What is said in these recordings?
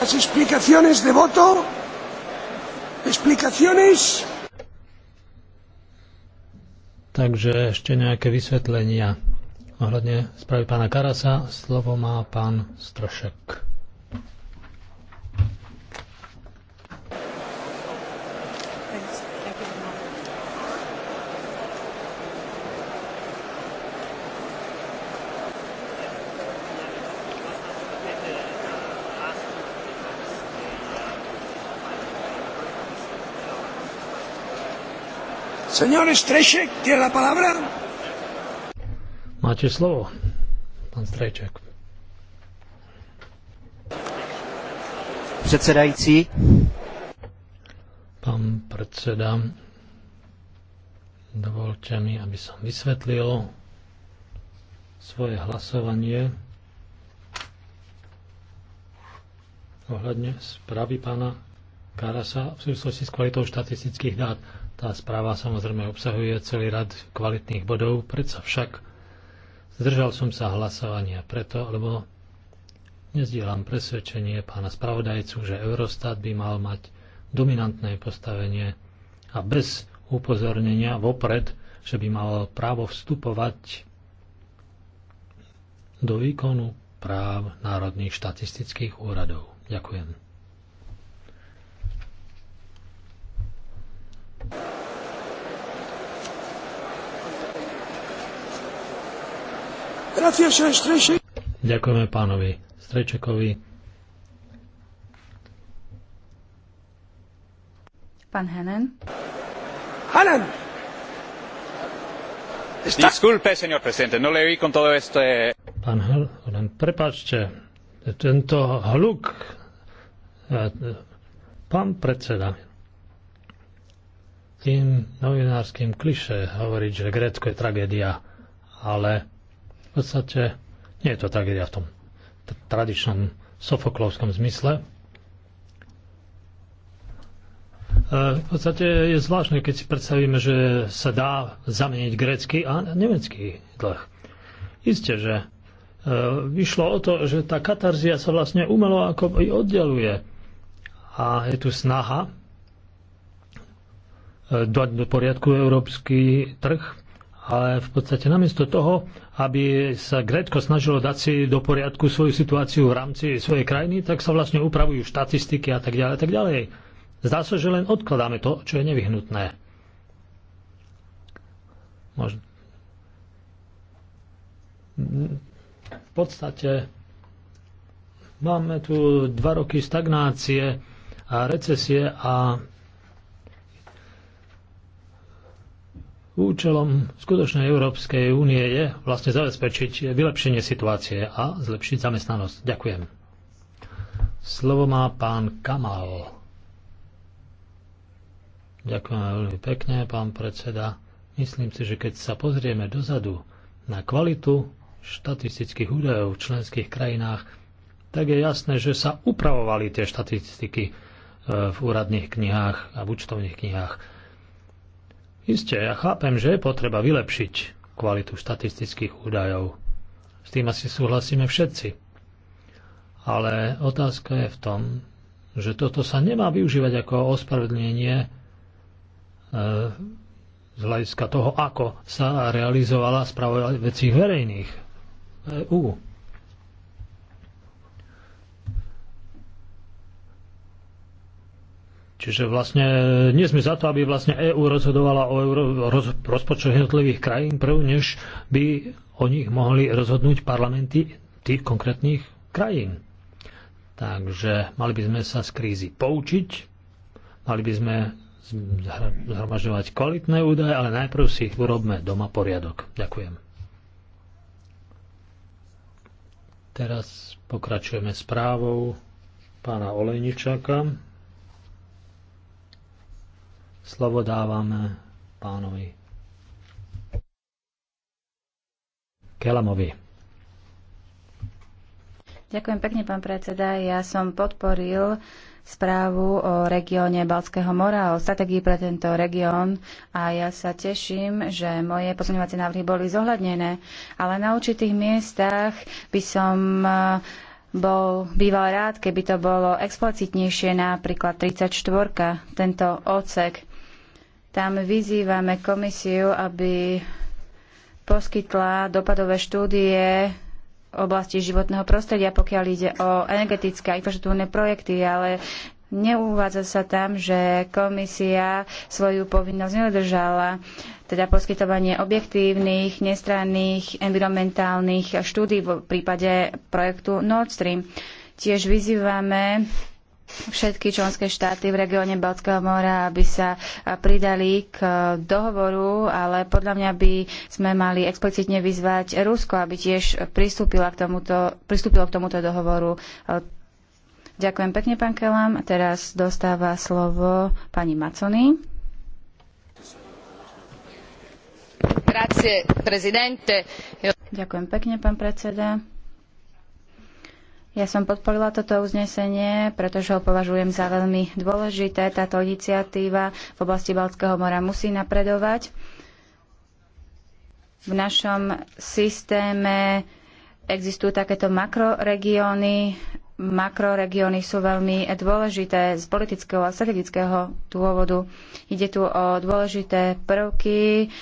Las explicaciones de voto. Explicaciones. Takže ešte nejaké vysvetlenia. Ohľadne správy pána Karasa slovo má pán Strošek. Señor Strešek, tiene la palabra. Máte slovo, pán Strešek. Předsedající. Pán predseda, dovolte mi, aby som vysvetlil svoje hlasovanie ohľadne správy pána sa v súvislosti s kvalitou štatistických dát. Tá správa samozrejme obsahuje celý rad kvalitných bodov, predsa však zdržal som sa hlasovania preto, lebo nezdielam presvedčenie pána spravodajcu, že Eurostat by mal mať dominantné postavenie a bez upozornenia vopred, že by mal právo vstupovať do výkonu práv národných štatistických úradov. Ďakujem. Ďakujeme pánovi Strečekovi. Pán Hanen. Hanen! Disculpe, señor presidente, no le oí con todo esto. Pán Hanen, prepáčte, tento hluk. E, pán predseda, tým novinárským kliše hovoriť, že Grécko je tragédia, ale v podstate nie je to tragédia v tom tradičnom sofoklovskom zmysle. E, v podstate je zvláštne, keď si predstavíme, že sa dá zameniť grécky a nemecký dlh. Isté, že e, vyšlo o to, že tá katarzia sa vlastne umelo ako oddeluje. A je tu snaha e, dať do poriadku európsky trh ale v podstate namiesto toho, aby sa Grécko snažilo dať si do poriadku svoju situáciu v rámci svojej krajiny, tak sa vlastne upravujú štatistiky a tak ďalej, tak ďalej. Zdá sa, že len odkladáme to, čo je nevyhnutné. Možno. V podstate máme tu dva roky stagnácie a recesie a Účelom skutočnej Európskej únie je vlastne zabezpečiť vylepšenie situácie a zlepšiť zamestnanosť. Ďakujem. Slovo má pán Kamal. Ďakujem veľmi pekne, pán predseda. Myslím si, že keď sa pozrieme dozadu na kvalitu štatistických údajov v členských krajinách, tak je jasné, že sa upravovali tie štatistiky eh, v úradných knihách a v účtovných knihách Isté, ja chápem, že je potreba vylepšiť kvalitu štatistických údajov. S tým asi súhlasíme všetci. Ale otázka je v tom, že toto sa nemá využívať ako ospravedlnenie e, z hľadiska toho, ako sa realizovala správa vecí verejných EU. Čiže vlastne e, nie sme za to, aby vlastne EÚ rozhodovala o euro, roz, rozpočtoch jednotlivých krajín prv, než by o nich mohli rozhodnúť parlamenty tých konkrétnych krajín. Takže mali by sme sa z krízy poučiť, mali by sme zhromažďovať kvalitné údaje, ale najprv si urobme doma poriadok. Ďakujem. Teraz pokračujeme správou pána Olejničáka. Slovo dávame pánovi Kelamovi. Ďakujem pekne, pán predseda. Ja som podporil správu o regióne Balckého mora, o strategii pre tento región a ja sa teším, že moje pozorňovacie návrhy boli zohľadnené, ale na určitých miestach by som eh, bol býval rád, keby to bolo explicitnejšie, napríklad 34, tento ocek. Tam vyzývame komisiu, aby poskytla dopadové štúdie v oblasti životného prostredia, pokiaľ ide o energetické a infraštruktúrne projekty, ale neuvádza sa tam, že komisia svoju povinnosť nedržala, teda poskytovanie objektívnych, nestranných, environmentálnych štúdí v prípade projektu Nord Stream. Tiež vyzývame všetky členské štáty v regióne Balckého mora, aby sa pridali k e, dohovoru, ale podľa mňa by sme mali explicitne vyzvať Rusko, aby tiež pristúpilo k tomuto, pristúpilo k tomuto dohovoru. E, ďakujem pekne, pán Kelam. Teraz dostáva slovo pani Macony. Grazie, Ďakujem pekne, pán predseda. Ja som podporila toto uznesenie, pretože ho považujem za veľmi dôležité. Táto iniciatíva v oblasti Balckého mora musí napredovať. V našom systéme existujú takéto makroregióny. Makroregióny sú veľmi dôležité z politického a strategického dôvodu. Ide tu o dôležité prvky,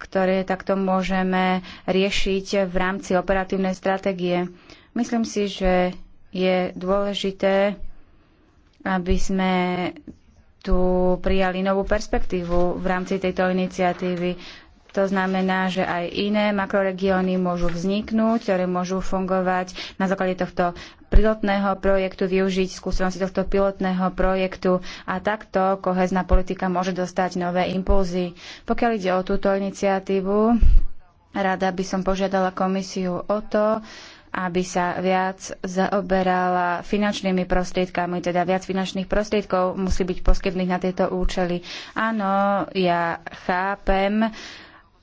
ktoré takto môžeme riešiť v rámci operatívnej stratégie. Myslím si, že je dôležité, aby sme tu prijali novú perspektívu v rámci tejto iniciatívy. To znamená, že aj iné makroregióny môžu vzniknúť, ktoré môžu fungovať na základe tohto pilotného projektu, využiť skúsenosti tohto pilotného projektu a takto kohezná politika môže dostať nové impulzy. Pokiaľ ide o túto iniciatívu, rada by som požiadala komisiu o to, aby sa viac zaoberala finančnými prostriedkami, teda viac finančných prostriedkov musí byť poskytných na tieto účely. Áno, ja chápem,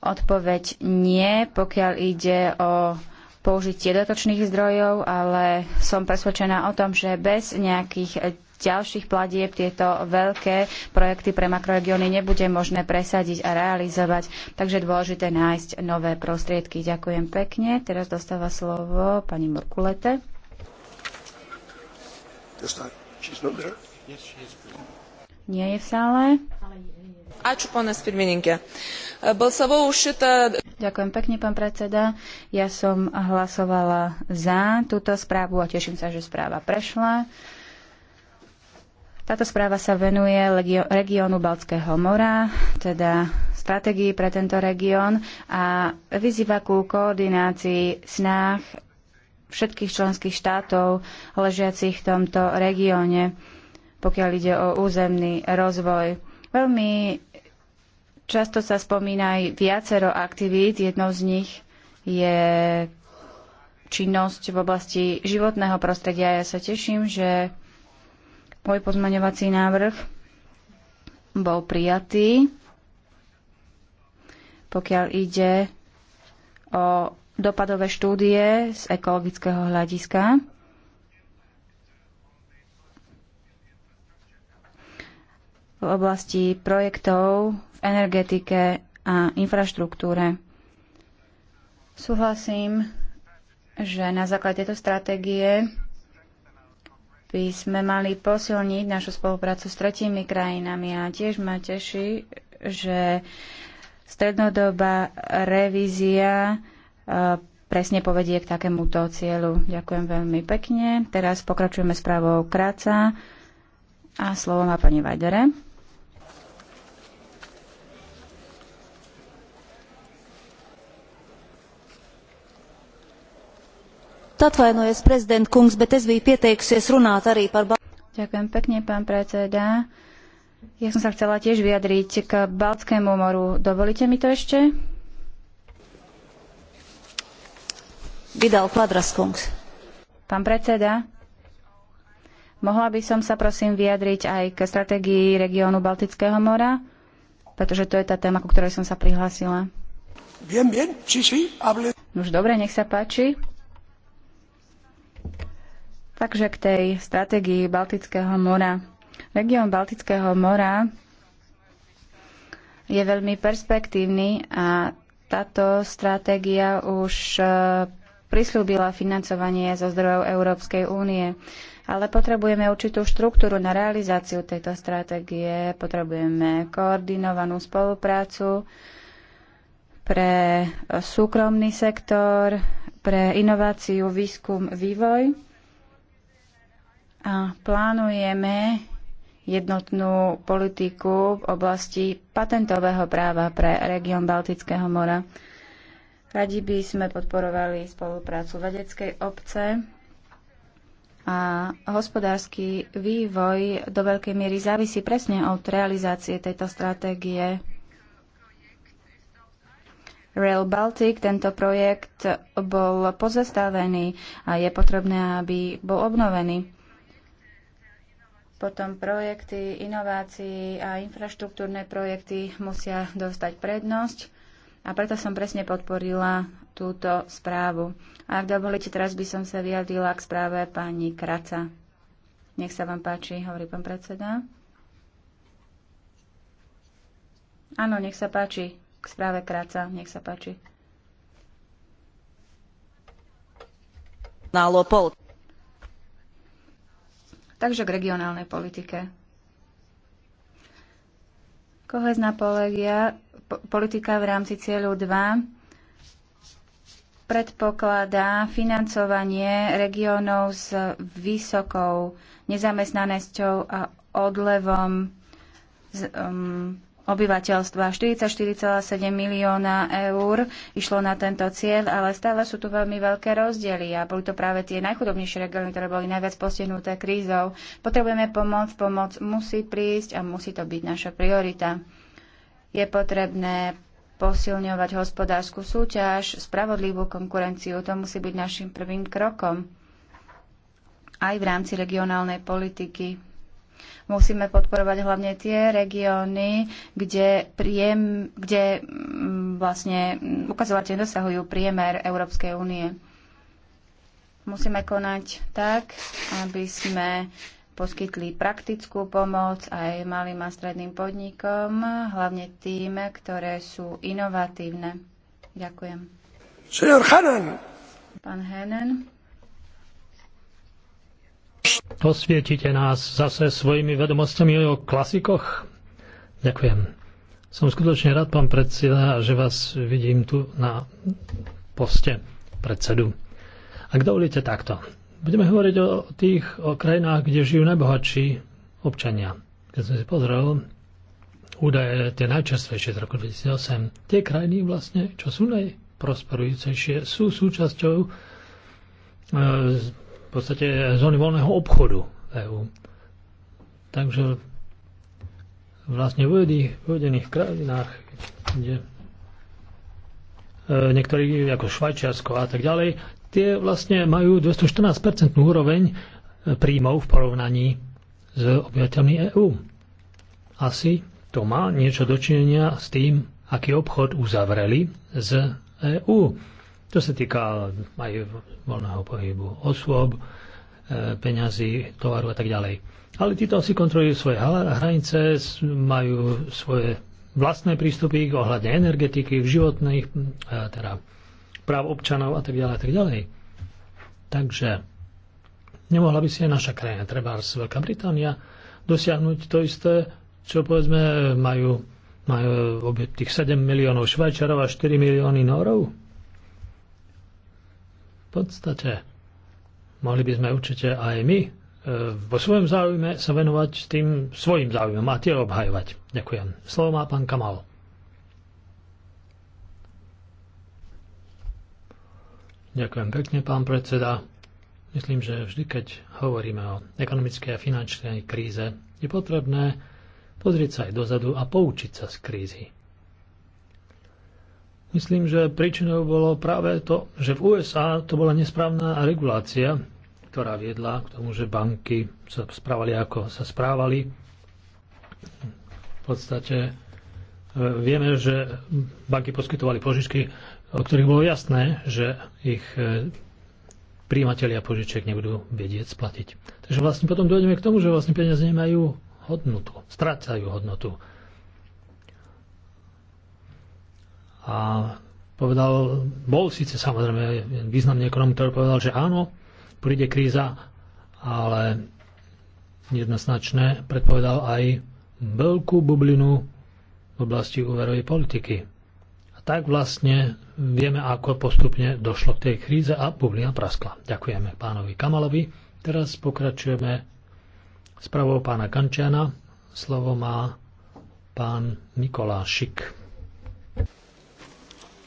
odpoveď nie, pokiaľ ide o použitie dotočných zdrojov, ale som presvedčená o tom, že bez nejakých ďalších platieb tieto veľké projekty pre makroregióny nebude možné presadiť a realizovať. Takže dôležité nájsť nové prostriedky. Ďakujem pekne. Teraz dostáva slovo pani Morkulete. Nie je v sále. Ďakujem pekne, pán predseda. Ja som hlasovala za túto správu a teším sa, že správa prešla. Táto správa sa venuje regiónu Baltského mora, teda stratégii pre tento región a vyzýva ku koordinácii snách všetkých členských štátov ležiacich v tomto regióne, pokiaľ ide o územný rozvoj. Veľmi Často sa spomína aj viacero aktivít. Jednou z nich je činnosť v oblasti životného prostredia. Ja sa teším, že môj pozmaňovací návrh bol prijatý, pokiaľ ide o dopadové štúdie z ekologického hľadiska. V oblasti projektov energetike a infraštruktúre. Súhlasím, že na základe tejto stratégie by sme mali posilniť našu spoluprácu s tretími krajinami a tiež ma teší, že strednodobá revízia e, presne povedie k takémuto cieľu. Ďakujem veľmi pekne. Teraz pokračujeme s pravou Kráca a slovo má pani Vajdere. atvainojos prezident kungs, bet es biju pieteikusies runāt arī par. Ďakujem pekne, pán predseda. Ja som sa chcela tiež vyjadriť k Baltskému moru. Dovolíte mi to ešte? Vidal Kvadras kungs. Pán predseda, mohla by som sa prosím vyjadriť aj k stratégii regiónu Baltického mora, pretože to je tá téma, ku ktorej som sa prihlásila. Bien, bien, sí, sí, hable. Už dobre, nech sa páči. Takže k tej stratégii Baltického mora. Región Baltického mora je veľmi perspektívny a táto stratégia už e, prislúbila financovanie zo zdrojov Európskej únie. Ale potrebujeme určitú štruktúru na realizáciu tejto stratégie, potrebujeme koordinovanú spoluprácu pre súkromný sektor, pre inováciu, výskum, vývoj a plánujeme jednotnú politiku v oblasti patentového práva pre región Baltického mora. Radi by sme podporovali spoluprácu vedeckej obce a hospodársky vývoj do veľkej miery závisí presne od realizácie tejto stratégie. Rail Baltic, tento projekt bol pozastavený a je potrebné, aby bol obnovený. Potom projekty inovácií a infraštruktúrne projekty musia dostať prednosť a preto som presne podporila túto správu. A ak dovolíte, teraz by som sa vyjadrila k správe pani Kraca. Nech sa vám páči, hovorí pán predseda. Áno, nech sa páči, k správe Kraca, nech sa páči. Takže k regionálnej politike. Kohezná polegia, po, politika v rámci cieľu 2 predpokladá financovanie regiónov s vysokou nezamestnanosťou a odlevom z, um, obyvateľstva. 44,7 milióna eur išlo na tento cieľ, ale stále sú tu veľmi veľké rozdiely a boli to práve tie najchudobnejšie regióny, ktoré boli najviac postihnuté krízou. Potrebujeme pomoc, pomoc musí prísť a musí to byť naša priorita. Je potrebné posilňovať hospodárskú súťaž, spravodlivú konkurenciu. To musí byť našim prvým krokom aj v rámci regionálnej politiky. Musíme podporovať hlavne tie regióny, kde, príjem, kde mm, vlastne mm, ukazovateľ dosahujú priemer Európskej únie. Musíme konať tak, aby sme poskytli praktickú pomoc aj malým a stredným podnikom, hlavne tým, ktoré sú inovatívne. Ďakujem. Pán Henen. Osvietite nás zase svojimi vedomostami o klasikoch? Ďakujem. Som skutočne rád, pán predseda, že vás vidím tu na poste predsedu. Ak dovolíte takto, budeme hovoriť o tých o krajinách, kde žijú najbohatší občania. Keď som si pozrel údaje tie najčerstvejšie z roku 2008, tie krajiny vlastne, čo sú najprosperujúcejšie, sú súčasťou e, v podstate zóny voľného obchodu EÚ. Takže vlastne v uvedených krajinách, kde e, niektorí ako Švajčiarsko a tak ďalej, tie vlastne majú 214% úroveň e, príjmov v porovnaní s obyvateľmi EÚ. Asi to má niečo dočinenia s tým, aký obchod uzavreli z EÚ. To sa týka aj voľného pohybu osôb, e, peňazí, tovaru a tak ďalej. Ale títo si kontrolujú svoje hranice, majú svoje vlastné prístupy ohľadne energetiky, životných, e, teda práv občanov a tak ďalej a tak ďalej. Takže nemohla by si aj naša krajina, treba Veľká Británia, dosiahnuť to isté, čo povedzme majú, majú tých 7 miliónov Švajčarov a 4 milióny Norov? V podstate mohli by sme určite aj my e, vo svojom záujme sa venovať tým svojim záujmom a tie obhajovať. Ďakujem. Slovo má pán Kamal. Ďakujem pekne, pán predseda. Myslím, že vždy, keď hovoríme o ekonomickej a finančnej kríze, je potrebné pozrieť sa aj dozadu a poučiť sa z krízy. Myslím, že príčinou bolo práve to, že v USA to bola nesprávna regulácia, ktorá viedla k tomu, že banky sa správali, ako sa správali. V podstate e, vieme, že banky poskytovali požičky, o ktorých bolo jasné, že ich e, príjimatelia požičiek nebudú vedieť splatiť. Takže vlastne potom dojdeme k tomu, že vlastne peniaze nemajú hodnotu, strácajú hodnotu. a povedal, bol síce samozrejme významný ekonom, ktorý povedal, že áno, príde kríza, ale jednoznačne predpovedal aj veľkú bublinu v oblasti úverovej politiky. A tak vlastne vieme, ako postupne došlo k tej kríze a bublina praskla. Ďakujeme pánovi Kamalovi. Teraz pokračujeme spravou pána Kančiana. Slovo má pán Nikolášik.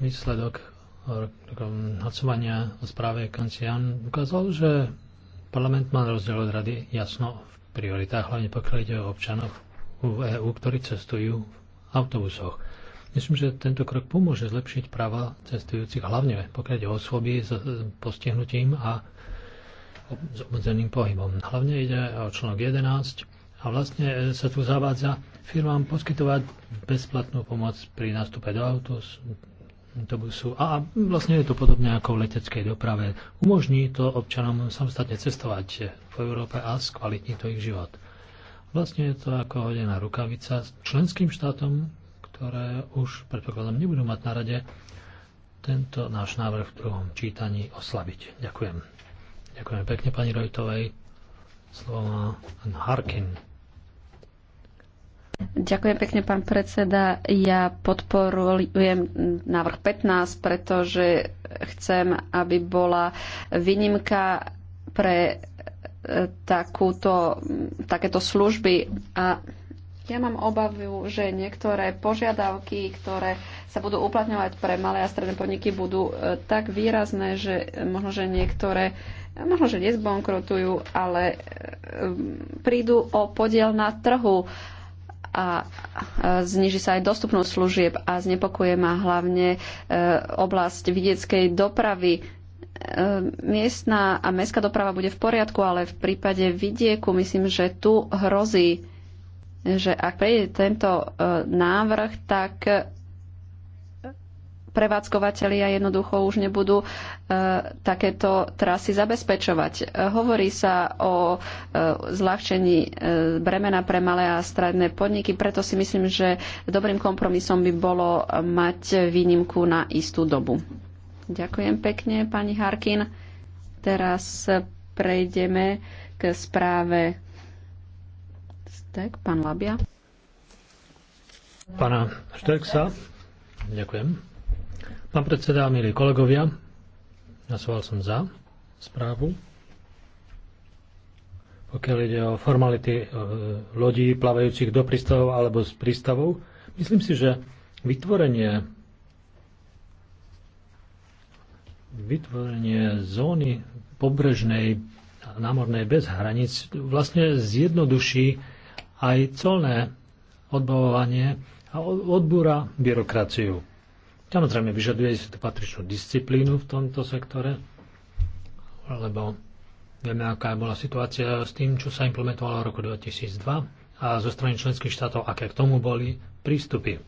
Výsledok hlasovania o správe Kancian ukázal, že parlament má rozdiel od rady jasno v prioritách, hlavne pokiaľ ide o občanov v EÚ, ktorí cestujú v autobusoch. Myslím, že tento krok pomôže zlepšiť práva cestujúcich, hlavne pokiaľ ide o osoby s postihnutím a s obmedzeným pohybom. Hlavne ide o článok 11 a vlastne sa tu zavádza firmám poskytovať bezplatnú pomoc pri nástupe do, autos, autobusu. A vlastne je to podobne ako v leteckej doprave. Umožní to občanom samostatne cestovať v Európe a skvalitní to ich život. Vlastne je to ako hodená rukavica s členským štátom, ktoré už predpokladám nebudú mať na rade tento náš návrh v druhom čítaní oslabiť. Ďakujem. Ďakujem pekne pani Rojtovej. Slovo má Harkin. Ďakujem pekne, pán predseda. Ja podporujem návrh 15, pretože chcem, aby bola výnimka pre e, takúto, takéto služby. A ja mám obavu, že niektoré požiadavky, ktoré sa budú uplatňovať pre malé a stredné podniky, budú e, tak výrazné, že možno, že niektoré e, možno, že nezbankrotujú, ale prídu o podiel na trhu a zniží sa aj dostupnosť služieb a znepokuje ma hlavne e, oblasť vidieckej dopravy. E, miestna a mestská doprava bude v poriadku, ale v prípade vidieku myslím, že tu hrozí, že ak prejde tento e, návrh, tak prevádzkovateľia jednoducho už nebudú e, takéto trasy zabezpečovať. E, hovorí sa o e, zľahčení e, bremena pre malé a stredné podniky, preto si myslím, že dobrým kompromisom by bolo mať výnimku na istú dobu. Ďakujem pekne, pani Harkin. Teraz prejdeme k správe. Tak, pán Labia. Pána Šteksa. Ďakujem. Pán predseda, milí kolegovia, nasoval som za správu. Pokiaľ ide o formality e, lodí plavajúcich do prístavov alebo z prístavov, myslím si, že vytvorenie vytvorenie zóny pobrežnej námornej bez hraníc vlastne zjednoduší aj colné odbavovanie a odbúra byrokraciu. Samozrejme, vyžaduje si to patričnú disciplínu v tomto sektore, lebo vieme, aká bola situácia s tým, čo sa implementovalo v roku 2002 a zo strany členských štátov, aké k tomu boli prístupy.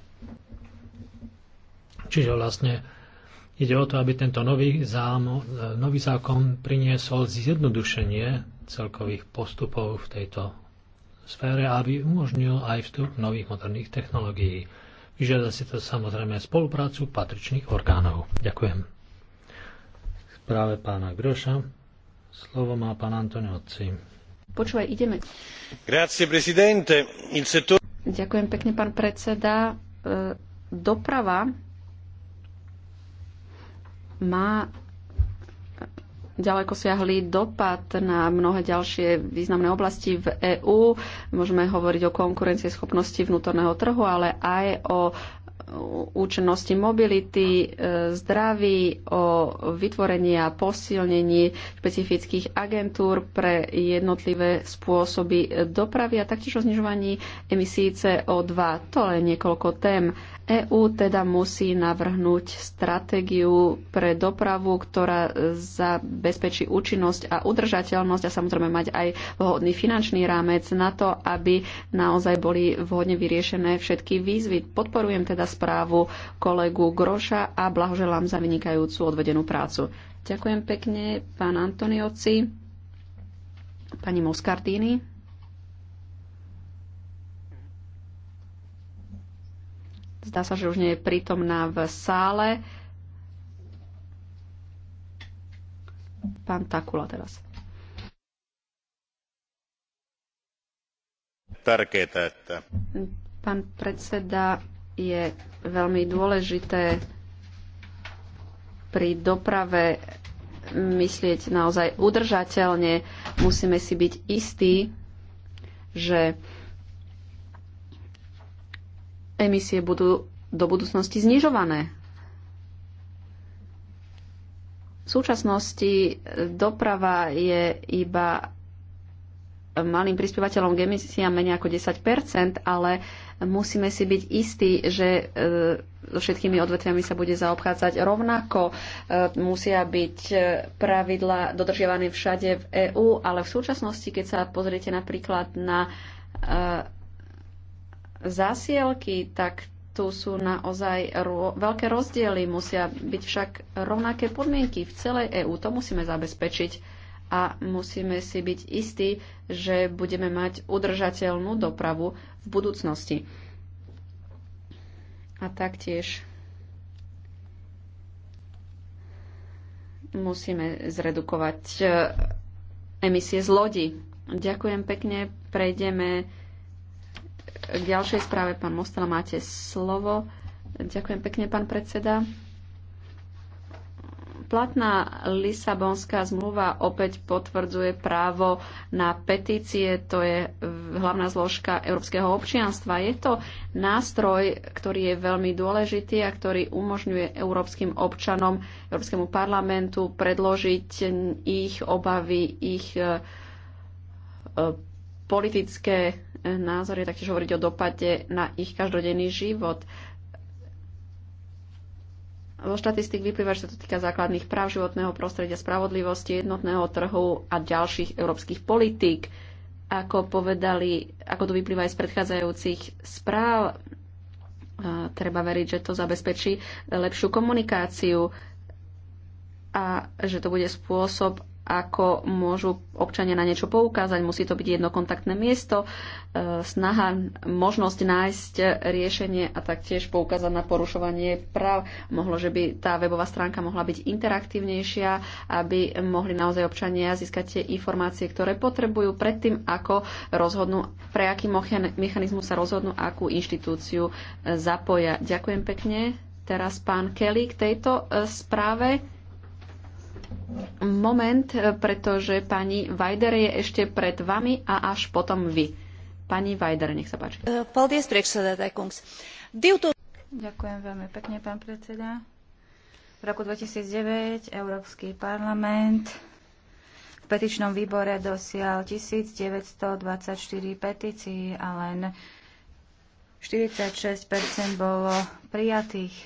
Čiže vlastne ide o to, aby tento nový, zámo, nový zákon priniesol zjednodušenie celkových postupov v tejto sfére a aby umožnil aj vstup nových moderných technológií. Vyžiada si to samozrejme spoluprácu patričných orgánov. Ďakujem. Práve pána Groša. Slovo má pán Otci. Počúvaj, ideme. Grazie, presidente. Il settore... Ďakujem pekne, pán predseda. E, doprava má ďaleko siahli dopad na mnohé ďalšie významné oblasti v EÚ. Môžeme hovoriť o konkurencieschopnosti vnútorného trhu, ale aj o účinnosti mobility, e, zdraví, o vytvorení a posilnení špecifických agentúr pre jednotlivé spôsoby dopravy a taktiež o znižovaní emisí CO2. To len niekoľko tém. EÚ teda musí navrhnúť stratégiu pre dopravu, ktorá zabezpečí účinnosť a udržateľnosť a samozrejme mať aj vhodný finančný rámec na to, aby naozaj boli vhodne vyriešené všetky výzvy. Podporujem teda správu kolegu Groša a blahoželám za vynikajúcu odvedenú prácu. Ďakujem pekne, pán Antonioci, pani Moscardini. Zdá sa, že už nie je prítomná v sále. Pán Takula teraz. Pán predseda, je veľmi dôležité pri doprave myslieť naozaj udržateľne. Musíme si byť istí, že emisie budú do budúcnosti znižované. V súčasnosti e, doprava je iba malým prispievateľom k emisiám menej ako 10 ale musíme si byť istí, že e, so všetkými odvetviami sa bude zaobchádzať rovnako. E, musia byť pravidla dodržiavané všade v EÚ, ale v súčasnosti, keď sa pozriete napríklad na zásielky, tak tu sú naozaj ro- veľké rozdiely. Musia byť však rovnaké podmienky v celej EÚ. To musíme zabezpečiť a musíme si byť istí, že budeme mať udržateľnú dopravu v budúcnosti. A taktiež musíme zredukovať eh, emisie z lodi. Ďakujem pekne. Prejdeme k ďalšej správe. Pán Mostala máte slovo. Ďakujem pekne, pán predseda. Platná Lisabonská zmluva opäť potvrdzuje právo na petície, to je hlavná zložka európskeho občianstva. Je to nástroj, ktorý je veľmi dôležitý a ktorý umožňuje európskym občanom, Európskemu parlamentu predložiť ich obavy, ich eh, eh, politické názor je taktiež hovoriť o dopade na ich každodenný život. Zo štatistik vyplýva, že sa to týka základných práv životného prostredia, spravodlivosti, jednotného trhu a ďalších európskych politík. Ako povedali, ako to vyplýva aj z predchádzajúcich správ, treba veriť, že to zabezpečí lepšiu komunikáciu a že to bude spôsob, ako môžu občania na niečo poukázať. Musí to byť jednokontaktné miesto, e, snaha, možnosť nájsť riešenie a taktiež poukázať na porušovanie práv. Mohlo, že by tá webová stránka mohla byť interaktívnejšia, aby mohli naozaj občania získať tie informácie, ktoré potrebujú predtým, ako rozhodnú, pre aký mechanizmus sa rozhodnú, akú inštitúciu zapoja. Ďakujem pekne. Teraz pán Kelly k tejto e, správe moment, pretože pani Vajder je ešte pred vami a až potom vy. Pani Vajder, nech sa páči. Eh, Ďakujem veľmi pekne, pán predseda. V roku 2009 Európsky parlament v petičnom výbore dosial 1924 petícií a len 46 bolo prijatých.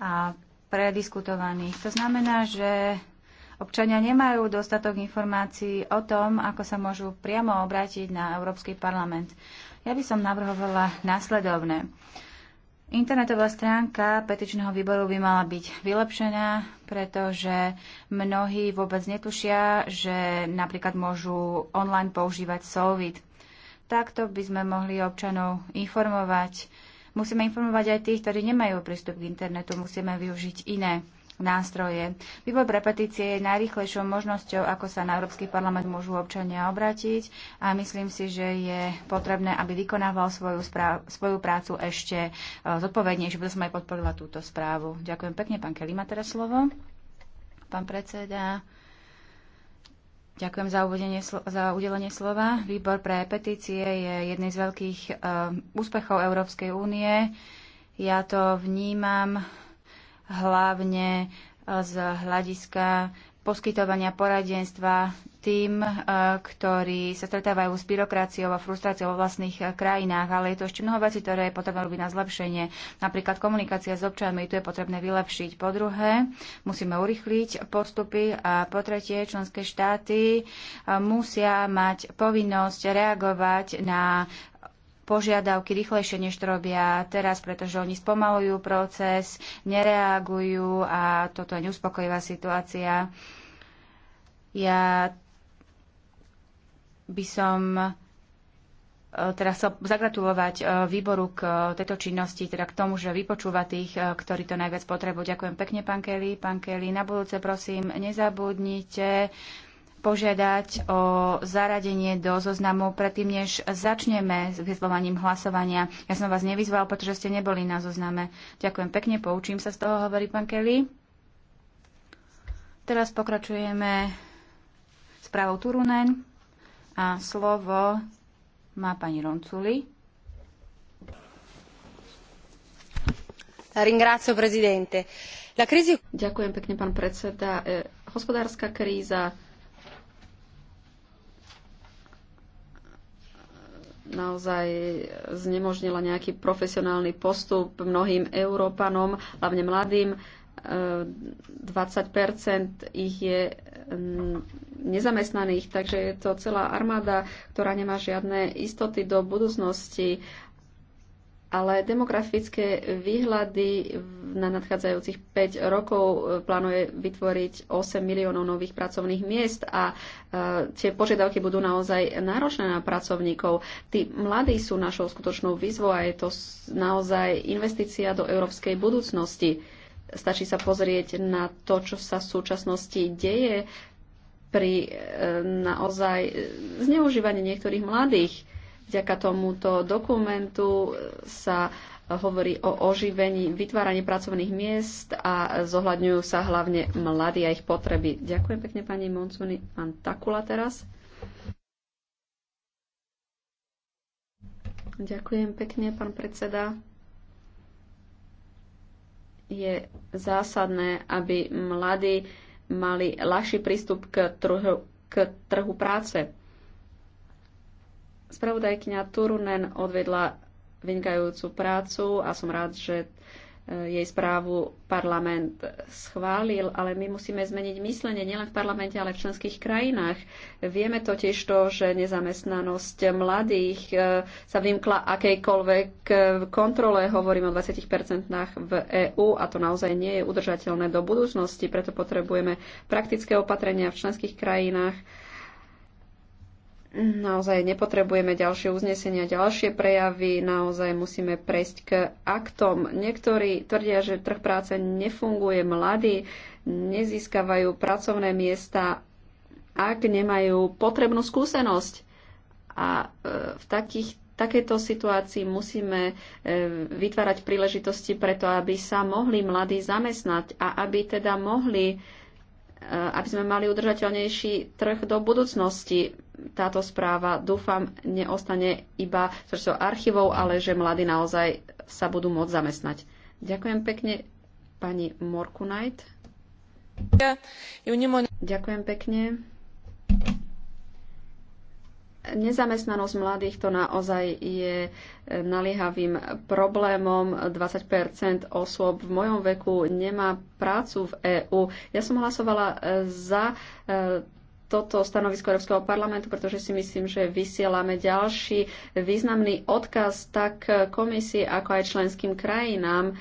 A prediskutovaných. To znamená, že občania nemajú dostatok informácií o tom, ako sa môžu priamo obrátiť na Európsky parlament. Ja by som navrhovala následovné. Internetová stránka petičného výboru by mala byť vylepšená, pretože mnohí vôbec netušia, že napríklad môžu online používať Solvit. Takto by sme mohli občanov informovať Musíme informovať aj tých, ktorí nemajú prístup k internetu, musíme využiť iné nástroje. Výbor pre petície je najrychlejšou možnosťou, ako sa na Európsky parlament môžu občania obrátiť a myslím si, že je potrebné, aby vykonával svoju, správ, svoju prácu ešte e, zodpovednejšie, preto som aj podporila túto správu. Ďakujem pekne. Pán Kelly má teraz slovo. Pán predseda. Ďakujem za, uvedenie, za udelenie slova. Výbor pre petície je jedným z veľkých uh, úspechov Európskej únie. Ja to vnímam hlavne eh, z hľadiska poskytovania poradenstva tým, e, ktorí sa stretávajú s byrokraciou a frustráciou vo vlastných e, krajinách, ale je to ešte mnoho vecí, ktoré je potrebné robiť na zlepšenie. Napríklad komunikácia s občanmi, tu je potrebné vylepšiť. Po druhé, musíme urychliť postupy a po tretie, členské štáty e, musia mať povinnosť reagovať na požiadavky rýchlejšie, než to robia teraz, pretože oni spomalujú proces, nereagujú a toto je neuspokojivá situácia. Ja by som e, teda chcel zagratulovať e, výboru k e, tejto činnosti, teda k tomu, že vypočúva tých, ktorí to najviac potrebujú. Ďakujem pekne, pán Kelly. Pán Kelly, na budúce prosím, nezabudnite požiadať o zaradenie do zoznamu predtým, než začneme s vyzvolaním hlasovania. Ja som vás nevyzval, pretože ste neboli na zozname. Ďakujem pekne, poučím sa z toho, hovorí pán Kelly. Teraz pokračujeme s právou Turunen a slovo má pani Ronculi. Ringrazio, prezidente. La crisi... Ďakujem pekne, pán predseda. E, hospodárska kríza naozaj znemožnila nejaký profesionálny postup mnohým Európanom, hlavne mladým. 20 e, ich je nezamestnaných, takže je to celá armáda, ktorá nemá žiadne istoty do budúcnosti ale demografické výhľady na nadchádzajúcich 5 rokov e, plánuje vytvoriť 8 miliónov nových pracovných miest a e, tie požiadavky budú naozaj náročné na pracovníkov. Tí mladí sú našou skutočnou výzvou a je to naozaj investícia do európskej budúcnosti. Stačí sa pozrieť na to, čo sa v súčasnosti deje pri e, naozaj zneužívaní niektorých mladých Vďaka tomuto dokumentu e, sa e, hovorí o oživení, vytváraní pracovných miest a zohľadňujú sa hlavne mladí a ich potreby. Ďakujem pekne pani Moncuny. Pán Takula teraz. Ďakujem pekne, pán predseda. Je zásadné, aby mladí mali ľahší prístup k trhu, k trhu práce Spravodajkňa Turunen odvedla vynikajúcu prácu a som rád, že e, jej správu parlament schválil, ale my musíme zmeniť myslenie nielen v parlamente, ale v členských krajinách. Vieme totiž to, že nezamestnanosť mladých e, sa vymkla akejkoľvek e, kontrole, hovorím o 20% v EÚ a to naozaj nie je udržateľné do budúcnosti, preto potrebujeme praktické opatrenia v členských krajinách Naozaj nepotrebujeme ďalšie uznesenia, ďalšie prejavy, naozaj musíme prejsť k aktom. Niektorí tvrdia, že trh práce nefunguje, mladí nezískavajú pracovné miesta, ak nemajú potrebnú skúsenosť. A e, v takých, takejto situácii musíme e, vytvárať príležitosti preto, aby sa mohli mladí zamestnať a aby teda mohli e, aby sme mali udržateľnejší trh do budúcnosti táto správa, dúfam, neostane iba srdcov archívov, ale že mladí naozaj sa budú môcť zamestnať. Ďakujem pekne pani Morkunajt. Ďakujem pekne. Nezamestnanosť mladých to naozaj je eh, naliehavým problémom. 20 osôb v mojom veku nemá prácu v EÚ. Ja som hlasovala eh, za eh, toto stanovisko Európskeho parlamentu, pretože si myslím, že vysielame ďalší významný odkaz tak komisii, ako aj členským krajinám,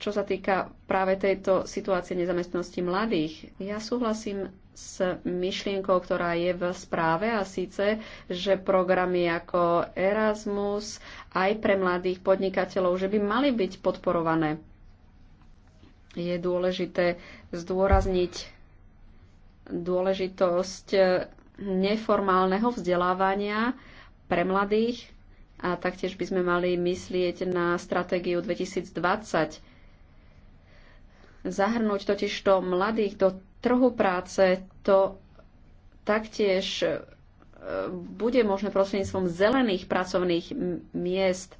čo sa týka práve tejto situácie nezamestnosti mladých. Ja súhlasím s myšlienkou, ktorá je v správe a síce, že programy ako Erasmus aj pre mladých podnikateľov, že by mali byť podporované. Je dôležité zdôrazniť dôležitosť eh, neformálneho vzdelávania pre mladých a taktiež by sme mali myslieť na stratégiu 2020. Zahrnúť totižto mladých do trhu práce, to taktiež eh, bude možné prostredníctvom zelených pracovných miest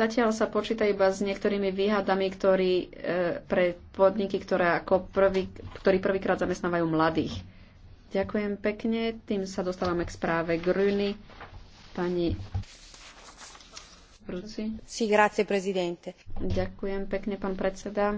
Zatiaľ sa počíta iba s niektorými výhadami, ktorí, e, pre podniky, ktoré ako prvý, ktorí prvýkrát zamestnávajú mladých. Ďakujem pekne. Tým sa dostávame k správe Gruny. Pani Ruci. Sí, grazie, prezidente. Ďakujem pekne, pán predseda.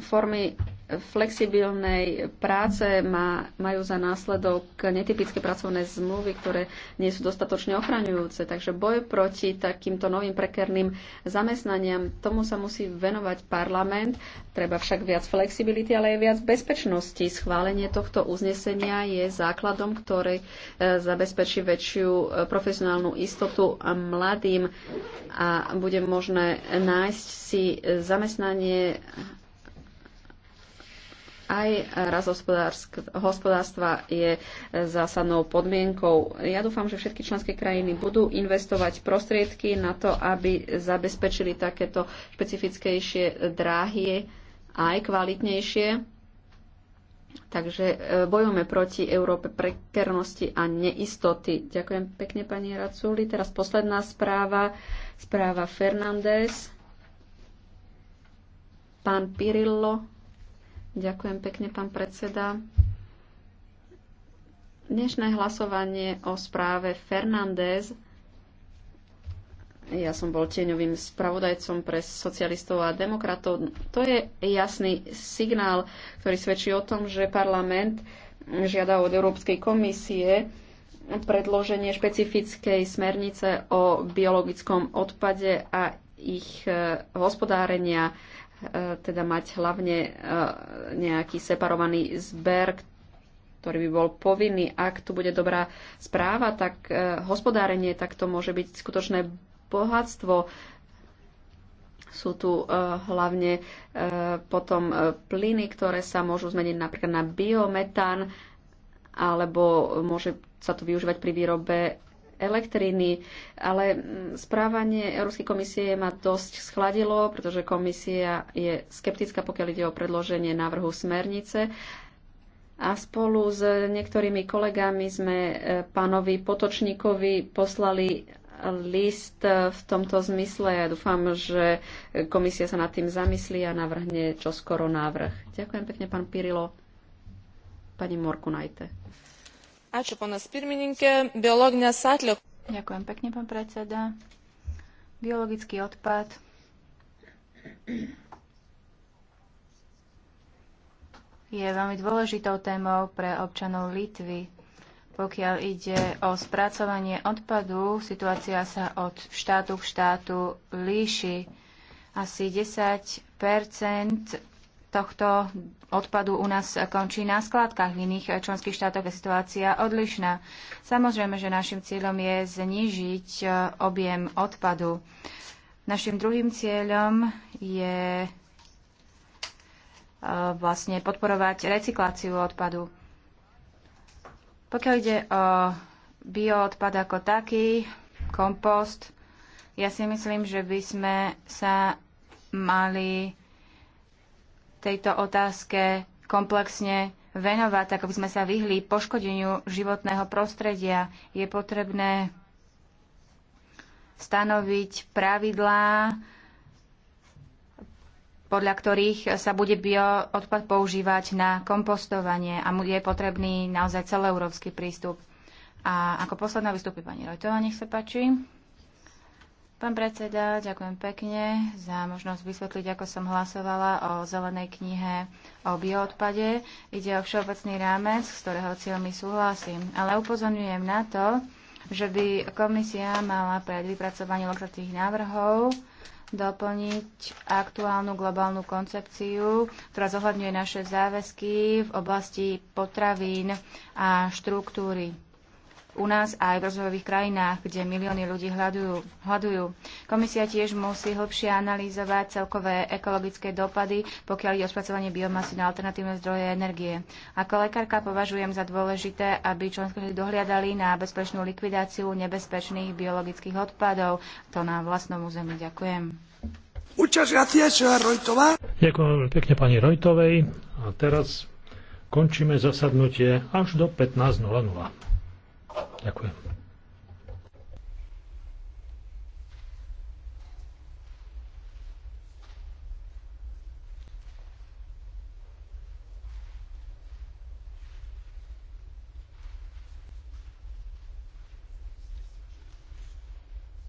Formy flexibilnej práce má, majú za následok netypické pracovné zmluvy, ktoré nie sú dostatočne ochraňujúce. Takže boj proti takýmto novým prekerným zamestnaniam, tomu sa musí venovať parlament. Treba však viac flexibility, ale aj viac bezpečnosti. Schválenie tohto uznesenia je základom, ktorý e, zabezpečí väčšiu e, profesionálnu istotu a mladým a bude možné nájsť si e, zamestnanie aj raz hospodárstva je zásadnou podmienkou. Ja dúfam, že všetky členské krajiny budú investovať prostriedky na to, aby zabezpečili takéto špecifickejšie dráhy aj kvalitnejšie. Takže e, bojujeme proti Európe prekernosti a neistoty. Ďakujem pekne, pani Raculi. Teraz posledná správa, správa Fernández. Pán Pirillo Ďakujem pekne, pán predseda. Dnešné hlasovanie o správe Fernández. Ja som bol tieňovým spravodajcom pre socialistov a demokratov. To je jasný signál, ktorý svedčí o tom, že parlament žiada od Európskej komisie predloženie špecifickej smernice o biologickom odpade a ich eh, hospodárenia. E, teda mať hlavne e, nejaký separovaný zber, ktorý by bol povinný. Ak tu bude dobrá správa, tak e, hospodárenie, tak to môže byť skutočné bohatstvo. Sú tu hlavne potom plyny, ktoré sa môžu zmeniť napríklad na biometán, alebo môže sa to využívať pri výrobe elektriny, ale mm, správanie Európskej komisie ma dosť schladilo, pretože komisia je skeptická, pokiaľ ide o predloženie návrhu smernice. A spolu s niektorými kolegami sme e, pánovi Potočníkovi poslali list e, v tomto zmysle. Ja dúfam, že komisia sa nad tým zamyslí a navrhne čoskoro návrh. Ďakujem pekne, pán Pirilo. Pani Morkunajte. Ďakujem pekne, pán predseda. Biologický odpad. Je veľmi dôležitou témou pre občanov Litvy. Pokiaľ ide o spracovanie odpadu, situácia sa od štátu k štátu líši. Asi 10 tohto odpadu u nás končí na skládkach. V iných členských štátoch je situácia odlišná. Samozrejme, že našim cieľom je znížiť e, objem odpadu. Našim druhým cieľom je e, vlastne podporovať recykláciu odpadu. Pokiaľ ide o bioodpad ako taký, kompost, ja si myslím, že by sme sa mali tejto otázke komplexne venovať, tak aby sme sa vyhli poškodeniu životného prostredia. Je potrebné stanoviť pravidlá, podľa ktorých sa bude bioodpad používať na kompostovanie a je potrebný naozaj celoeurópsky prístup. A ako posledná vystúpi pani Rojtová, nech sa páči. Pán predseda, ďakujem pekne za možnosť vysvetliť, ako som hlasovala o zelenej knihe o bioodpade. Ide o všeobecný rámec, z ktorého cieľmi súhlasím. Ale upozorňujem na to, že by komisia mala pred vypracovaním legislatívnych návrhov doplniť aktuálnu globálnu koncepciu, ktorá zohľadňuje naše záväzky v oblasti potravín a štruktúry u nás aj v rozvojových krajinách, kde milióny ľudí hľadujú. hľadujú. Komisia tiež musí hlbšie analýzovať celkové ekologické dopady, pokiaľ ide o spracovanie biomasy na alternatívne zdroje energie. Ako lekárka považujem za dôležité, aby členské štáty dohliadali na bezpečnú likvidáciu nebezpečných biologických odpadov. To na vlastnom území. Ďakujem. Ďakujem veľmi pekne pani Rojtovej. A teraz končíme zasadnutie až do 15.00. Ďakujem.